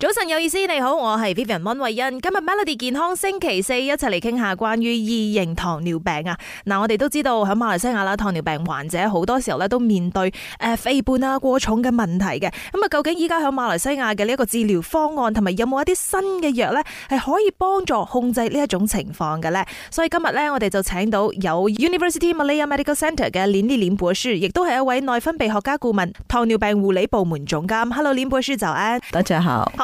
早晨有意思，你好，我係 Vivian 溫慧欣。今日 Melody 健康星期四一齊嚟傾下關於二型糖尿病啊。嗱、嗯，我哋都知道喺馬來西亞啦，糖尿病患者，好多時候咧，都面對誒肥胖啊、過重嘅問題嘅。咁、嗯、啊，究竟依家喺馬來西亞嘅呢一個治療方案，同埋有冇一啲新嘅藥咧，係可以幫助控制呢一種情況嘅咧？所以今日咧，我哋就請到有 University Malaya Medical Centre 嘅 Lini 博士，亦都係一位內分泌學家顧問、糖尿病護理部門總監。Hello，Lin 博士，就安。多謝好。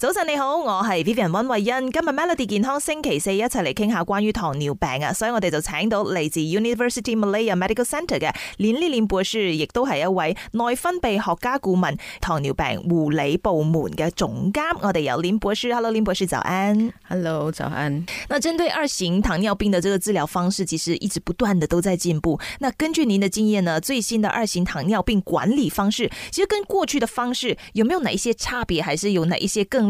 早晨你好，我係 Vivian 溫慧欣，今日 Melody 健康星期四一齊嚟傾下關於糖尿病啊，所以我哋就請到嚟自 University Malaya Medical Center 嘅林麗林博士，亦都係一位內分泌學家顧問、糖尿病護理部門嘅總監。我哋有林博士，Hello 林博士，早安。Hello，早安。那針對二型糖尿病的這個治療方式，其實一直不斷的都在進步。那根據您的經驗呢，最新的二型糖尿病管理方式，其實跟過去的方式有沒有哪一些差別，還是有哪一些更？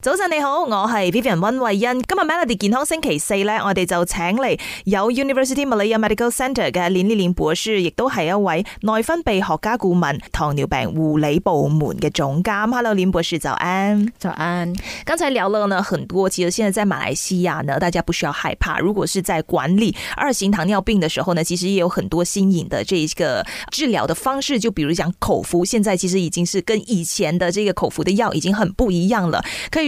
早晨你好，我係 Vivian 溫慧欣。今日《MELODY 健康星期四》呢，我哋就請嚟有 University Malaya Medical Center 嘅練林博士，亦都係一位內分泌學家顧問、糖尿病護理部門嘅總監。Hello，林博士，早安。早安。剛才聊咗呢很多，其實現在在馬來西亞呢，大家不需要害怕。如果是在管理二型糖尿病的時候呢，其實也有很多新穎的這個治療的方式。就比如講口服，現在其實已經是跟以前的這個口服的藥已經很不一樣了，可以。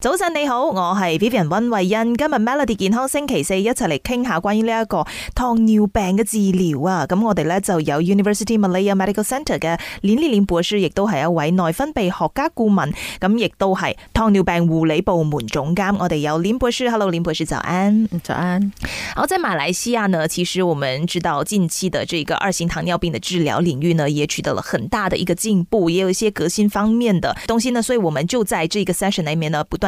早晨你好，我係 Vivian 溫慧欣。今日 Melody 健康星期四一齊嚟傾下關於呢一個糖尿病嘅治療啊。咁我哋咧就有 University Malaya Medical Center 嘅林連連博士，亦都係一位內分泌學家顧問，咁亦都係糖尿病護理部門總監。我哋有林博士，Hello 林博士，早安。早安。好，在馬來西亞呢，其實我們知道近期的這一個二型糖尿病嘅治療領域呢，也取得了很大的一個進步，也有一些革新方面的東西呢。所以，我們就在這一個 session 裏面呢，不斷，